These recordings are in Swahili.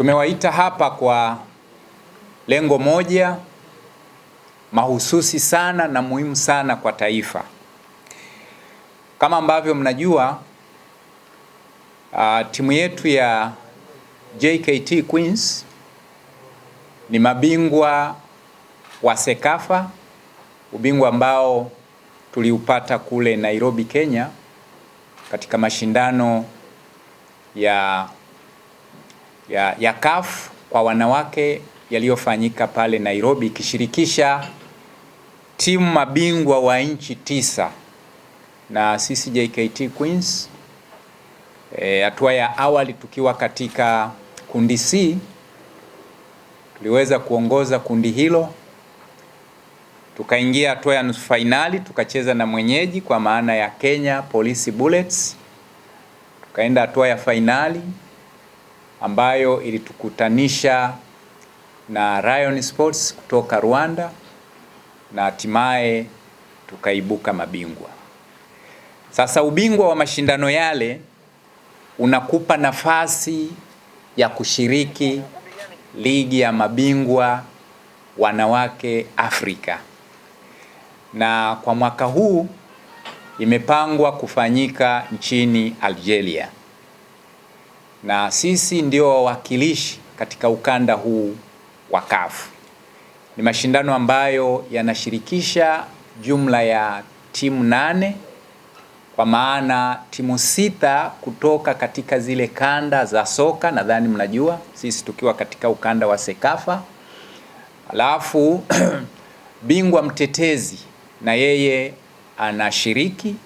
Tumewaita hapa kwa lengo moja mahususi sana na muhimu sana kwa taifa. Kama ambavyo mnajua, uh, timu yetu ya JKT Queens ni mabingwa wa Sekafa, ubingwa ambao tuliupata kule Nairobi, Kenya katika mashindano ya ya, ya CAF kwa wanawake yaliyofanyika pale Nairobi ikishirikisha timu mabingwa wa nchi tisa na sisi JKT Queens e, hatua e, ya awali tukiwa katika kundi C tuliweza kuongoza kundi hilo, tukaingia hatua ya nusu fainali, tukacheza na mwenyeji kwa maana ya Kenya Police Bullets, tukaenda hatua ya fainali ambayo ilitukutanisha na Rayon Sports kutoka Rwanda na hatimaye tukaibuka mabingwa. Sasa ubingwa wa mashindano yale unakupa nafasi ya kushiriki ligi ya mabingwa wanawake Afrika, na kwa mwaka huu imepangwa kufanyika nchini Algeria na sisi ndio wawakilishi katika ukanda huu wa CAF. Ni mashindano ambayo yanashirikisha jumla ya timu nane kwa maana timu sita kutoka katika zile kanda za soka, nadhani mnajua sisi tukiwa katika ukanda wa Sekafa, alafu bingwa mtetezi na yeye anashiriki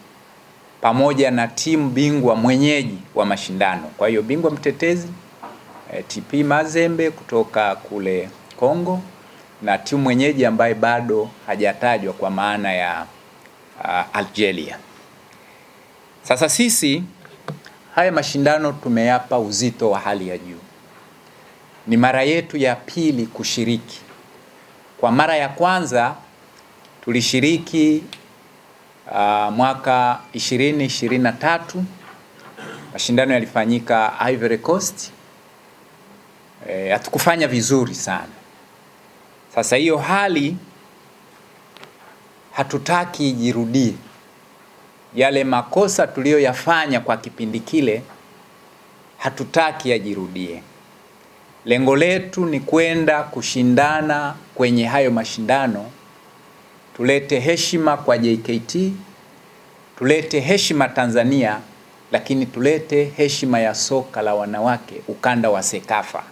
pamoja na timu bingwa mwenyeji wa mashindano. Kwa hiyo bingwa mtetezi e, eh, TP Mazembe kutoka kule Kongo na timu mwenyeji ambaye bado hajatajwa kwa maana ya uh, Algeria. Sasa sisi haya mashindano tumeyapa uzito wa hali ya juu. Ni mara yetu ya pili kushiriki. Kwa mara ya kwanza tulishiriki Uh, mwaka 2023 mashindano yalifanyika Ivory Coast. E, vizuri sana. Sasa hiyo hali hatutaki ijirudie, yale makosa tuliyoyafanya kwa kipindi kile hatutaki yajirudie. Lengo letu ni kwenda kushindana kwenye hayo mashindano tulete heshima kwa JKT, tulete heshima Tanzania, lakini tulete heshima ya soka la wanawake ukanda wa Sekafa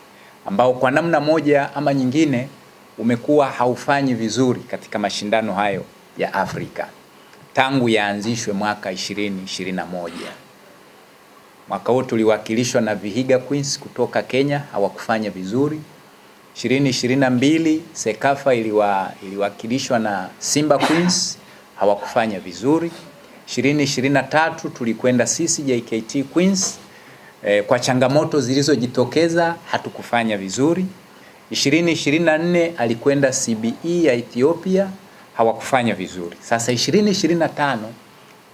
ambao kwa namna moja ama nyingine umekuwa haufanyi vizuri katika mashindano hayo ya Afrika tangu yaanzishwe mwaka 2021. Mwaka huu tuliwakilishwa na Vihiga Queens kutoka Kenya, hawakufanya vizuri. 2022 Sekafa iliwa, iliwakilishwa na Simba Queens hawakufanya vizuri. 2023 tulikwenda sisi JKT Queens e, kwa changamoto zilizojitokeza hatukufanya vizuri. 2024 alikwenda CBE ya Ethiopia hawakufanya vizuri. Sasa 2025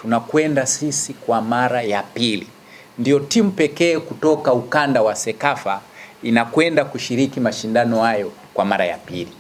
tunakwenda sisi kwa mara ya pili, ndio timu pekee kutoka ukanda wa Sekafa inakwenda kushiriki mashindano hayo kwa mara ya pili.